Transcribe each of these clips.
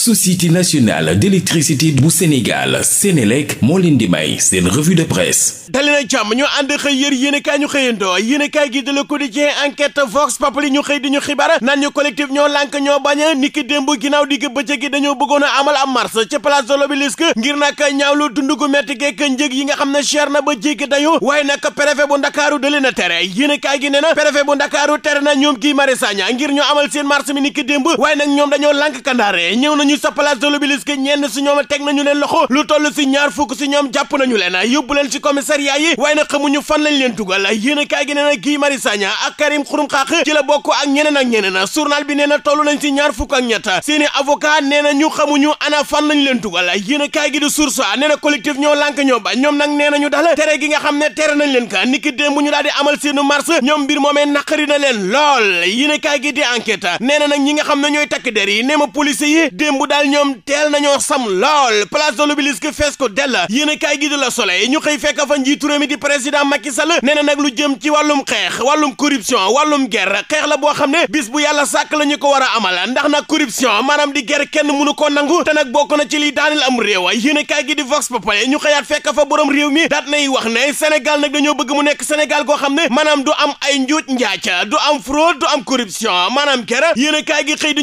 société nationale d'électricité bu Sénégal Sénélec moo leen di may seen revue de presse dali na jàmm ñu ànd xëy yër yéenekaay ñu xëyandoo yéenekaay gi de Le Quotidien enquête Vox Populi ñu xëy di ñu xibaar naan ñu collectif ñoo lànk ñoo bañ niki démb ginnaaw digg bëccëg gi dañoo bëggoon a amal am mars ci place de l'Obélisque ngir nag ñaawlu dund met metti geek njëg yi nga xam ne cher na ba jéggi dayo waaye nag préfet bu Ndakaaru dali na tere yéenekaay gi na préfet bu Ndakaaru tere na ñoom Guy Marius waaye nag ñoom dañoo lànk kandaare ñëw na ñu sa place de l'Obélisque ñenn si ñoom teg nañu leen loxo lu toll si ñaar fukk si ñoom jàpp nañu leen yóbbu leen si commissariat yi waaye nag xamuñu fan lañ leen dugal yéen ci la bokk ak ñeneen ak ñeneen journal bi nee na toll nañ si ñaar fukk ak ñett seeni avocat nee na ñu xamuñu ana fan gi di source nee na collectif ñoo lànk ñoo ba ñoom nag nee nañu daal tere gi nga ne tere nañ leen ka niki démb bu ñu daal amal seenu marche ñoom mbir moomee naqari na leen lool yéen kaay gi di enquête nee na ñi nga xam ne ñooy takk ma police yi démb démb daal ñoom teel nañoo sam lool place de l'Obélisque fees ko dell yéen a kaay gi di la Soleil ñu xëy fekk fa njiitu réew mi di président Macky Sall nee na nag lu jëm ci wàllum xeex wàllum corruption wàllum guerre xeex la boo xam ne bis bu yàlla sàkk la ñu ko war a amal ndax na corruption maanaam di guerre kenn mënu ko nangu te nag bokk na ci liy daanil am réew yéen a kaay gi di Vox Populi ñu xëyaat fekk fa borom réew mi daat nay wax ne Sénégal nag dañoo bëgg mu nekk Sénégal koo xam ne maanaam du am ay njuuj njaaca du am fraude du am corruption maanaam a kaay gi xëy di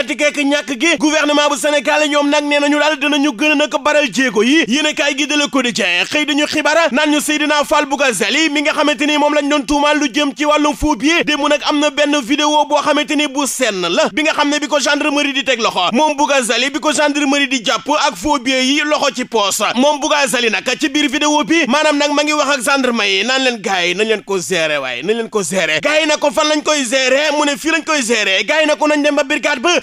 metti geek ñàkk gi gouvernement bu Sénégal ñoom nag nee nañu daal dinañu gën a nag baral jéego yi yéen kaay gi de Le Quotidien xëy dañu xibara naan ñu Seydina Fall Bougazelli mi nga xamante ni moom la doon tuumaal lu jëm ci wàllum fuub yi démb nag am na benn vidéo boo xamante ni bu senn la bi nga xam ne bi ko gendarmerie di teg loxo moom Bougazelli bi ko gendarmerie di jàpp ak phobie yi loxo ci poos moom Bougazelli nag ci biir vidéo bi maanaam nag ma ngi wax ak gendarme yi naan leen gars ko gérer waaye nañ leen ko gérer na ko fan lañ koy gérer na ko nañ dem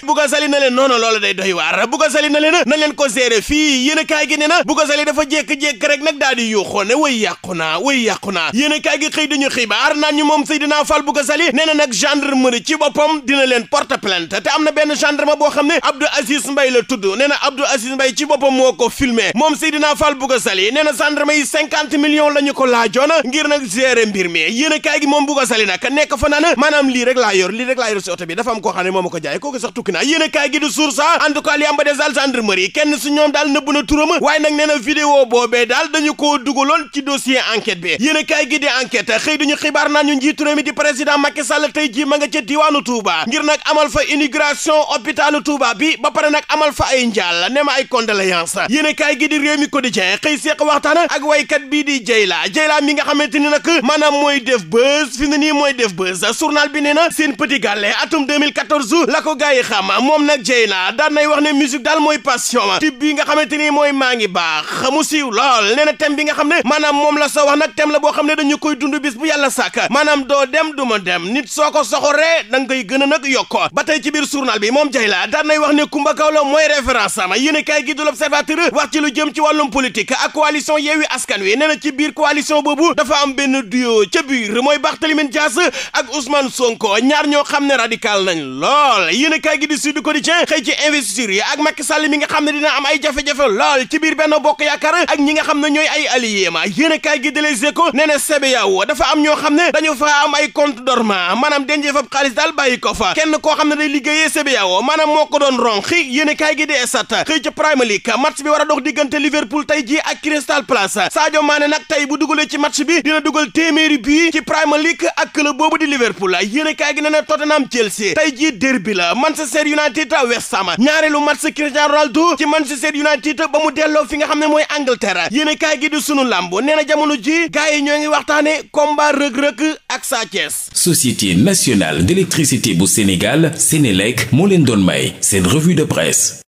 Bouga Sali na leen noonu loolu dey doy waar Bouga Sali na leen na leen ko gérer fii yéen a kaay gi nee na Bouga Sali dafa jékki-jékki rek nag daal di yuuxoo ne way yàqu naa way yàqu naa yéen a kaay gi xëy dañu xibaar na ñu moom na Fall Bouga Sali nee na nag gendarmerie ci boppam dina leen porte plainte te am na benn gendarme boo xam ne Abdou Aziz mbay la tudd nee na Abdou Aziz Mbaye ci boppam moo ko filmé moom Seydina Fall Bouga Sali nee na gendarme yi cinquante millions la ñu ko laajoon ngir nag gérer mbir mi yéen a gi moom Bouga Sali nag nekk fa naan maanaam lii lii rek laa yor si oto bi dafa am koo xam ne na yéen a kaay gi di source en tout cas li am kenn su ñoom daal nëbb na turam waaye nag nee na vidéo boobee daal dañu koo dugaloon ci dossier enquête bi yéen a kaay gi di enquête xëy duñu xibaar naan ñu njiitu réew mi di président Macky Sall tey ji ma nga ca diwaanu Touba ngir nag amal fa inauguration hôpitalu Touba bi ba pare nag amal fa ay njaal ne ma ay condoléances yéen a kaay gi di réew mi quotidien xëy seeq waxtaan ak waykat bii di Jeyla Jeyla mi nga xamante ni nag maanaam mooy def buzz fi mooy def buzz journal bi nee na seen petit gàlle atum 2014 la ko gars yi am moom nag Dieyna daan nay wax ne musique daal mooy passion ma type nga xamante ni mooy maa ngi baax xamu siiw lool nee na nga xam ne maanaam moom la soo wax nag thème la boo xam da dañu koy dund bu yàlla sàkk maanaam doo dem du ma dem nit soo ko soxoree da nga koy a nag yokko ba tey ci bi moom Dieyna daan nay wax ne Kumba Gawlo mooy référence am yéen a kaay gi du l'Observateur wax ci lu jëm ci wàllum politique ak coalition Yewwi Askan Wi nee na ci biir coalition boobu dafa am benn duo ca biir mooy Barthélémy Dias ak ñoo xam ne radical nañ lool yéen a kaay Sud Quotidien xëy ci investiture yi ak Macky Sall mi nga xam ne dina am ay jafe-jafe lool ci biir benn bokk yaakaar ak ñi nga xam ne ñooy ay alliés ma yéen a kaay gi de Les dafa am ñoo xam ne dañu fa am ay compte dormant maanaam denc fa xaalis daal bàyyi ko fa kenn koo xam ne day liggéeyee CBAO maanaam moo ko doon ronk yéen a kaay de Stades xëy ci Premier League match bi war a dox diggante Liverpool tey jii a Crystal Palace Sadio Mané nag tey bu dugalee ci match bi dina dugal téeméeri bii ci Premier League ak club boobu di Liverpool yéen a na Tottenham Chelsea tey jii derby la Manchester Manchester United West Ham ñaareelu match Cristiano Ronaldo ci Manchester United ba mu delloo fi nga xam ne mooy Angleterre yéen a kaay gi di sunu làmb nee na jamono ji gars yi ñoo ngi waxtaane combat rëg-rëg ak Sa Thiès Société nationale d'électricité bu Sénégal Sénélec moo leen doon may seen revue de presse